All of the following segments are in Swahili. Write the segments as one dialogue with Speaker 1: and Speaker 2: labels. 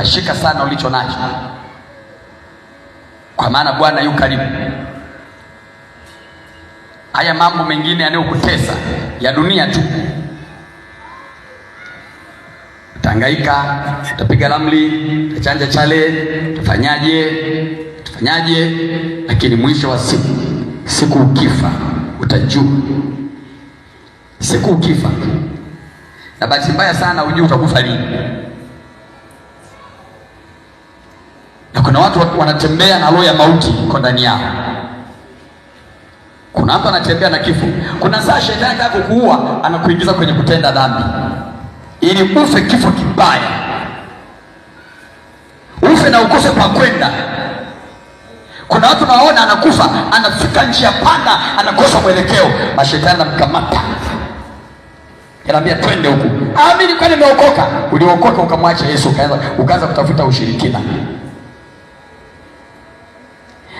Speaker 1: Shika sana ulicho nacho, kwa maana Bwana yu karibu. Haya mambo mengine yanayokutesa ya dunia tu, utangaika, utapiga ramli, utachanja chale, utafanyaje, tufanyaje, lakini mwisho wa siku, siku ukifa utajua, siku ukifa. Na bahati mbaya sana ujue utakufa lini. na kuna watu wanatembea na roho ya mauti iko ndani yao. Kuna mtu anatembea na kifo. Kuna saa shetani anataka kukuua, anakuingiza kwenye kutenda dhambi ili ufe kifo kibaya, ufe na ukose pa kwenda. Kuna watu naona anakufa, anafika njia panda, anakosa mwelekeo, mashetani anamkamata, Kanaambia twende huku. Amini kwani umeokoka. Uliokoka ukamwacha Yesu ukaanza kutafuta ushirikina.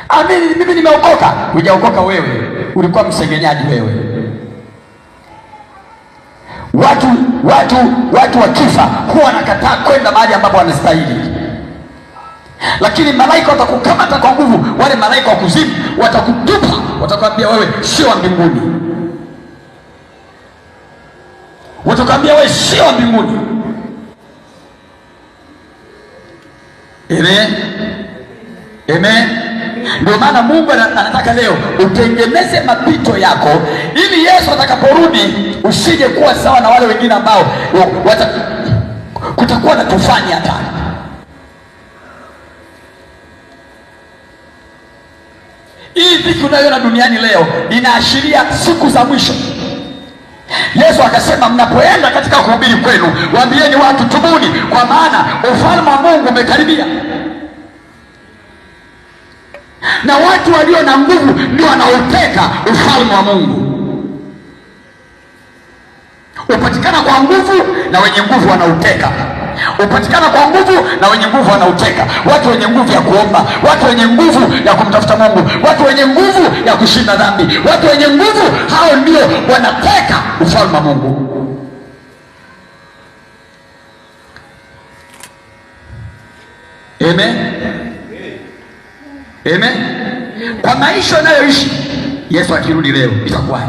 Speaker 1: Amini ah, mimi nimeokoka. Hujaokoka wewe, ulikuwa msengenyaji wewe. Watu watu watu wakifa huwa wanakataa kwenda mahali ambapo wanastahili, lakini malaika watakukamata kwa nguvu. Wale malaika wa kuzimu watakutupa, watakwambia wewe sio wa mbinguni, watakwambia wewe sio wa mbinguni. Amen. Amen. Ndio maana Mungu anataka leo utengeneze mapito yako, ili Yesu atakaporudi usije kuwa sawa na wale wengine ambao wata, kutakuwa na tufani hata hii dhiki unayoona duniani leo inaashiria siku za mwisho. Yesu akasema, mnapoenda katika kuhubiri kwenu, waambieni watu tubuni, kwa maana ufalme wa Mungu umekaribia na watu walio na nguvu ndio wanaoteka ufalme wa Mungu. Upatikana kwa nguvu na wenye nguvu wanauteka upatikana kwa nguvu na wenye nguvu wanauteka. Watu wenye nguvu ya kuomba, watu wenye nguvu ya kumtafuta Mungu, watu wenye nguvu ya kushinda dhambi, watu wenye nguvu, hao ndio wanateka ufalme wa Mungu. Amen. Amen. Kwa maisha unayoishi Yesu akirudi leo itakuwa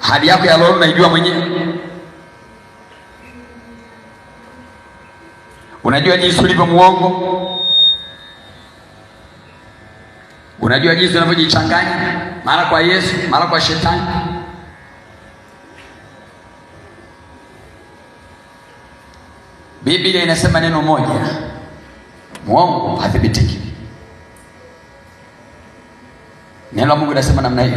Speaker 1: Hali yako ya roho unaijua mwenyewe. Unajua jinsi ulivyo muongo, unajua jinsi unavyojichanganya mara kwa Yesu mara kwa Shetani. Biblia inasema neno moja Mwongo hathibitiki. Neno la Mungu linasema namna hiyo,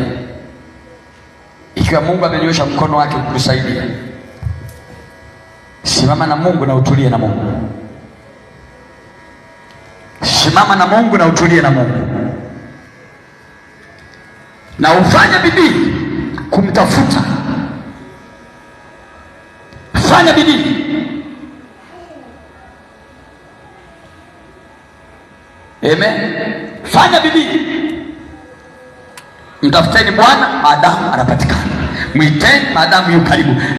Speaker 1: ikiwa Mungu amenyosha mkono wake kukusaidia, simama na Mungu na utulie na Mungu, simama na Mungu na utulie na Mungu, na ufanye bidii kumtafuta, fanya bidii Amen. Fanya bidii, mtafuteni Bwana maadamu anapatikana, mwiteni maadamu yu karibu.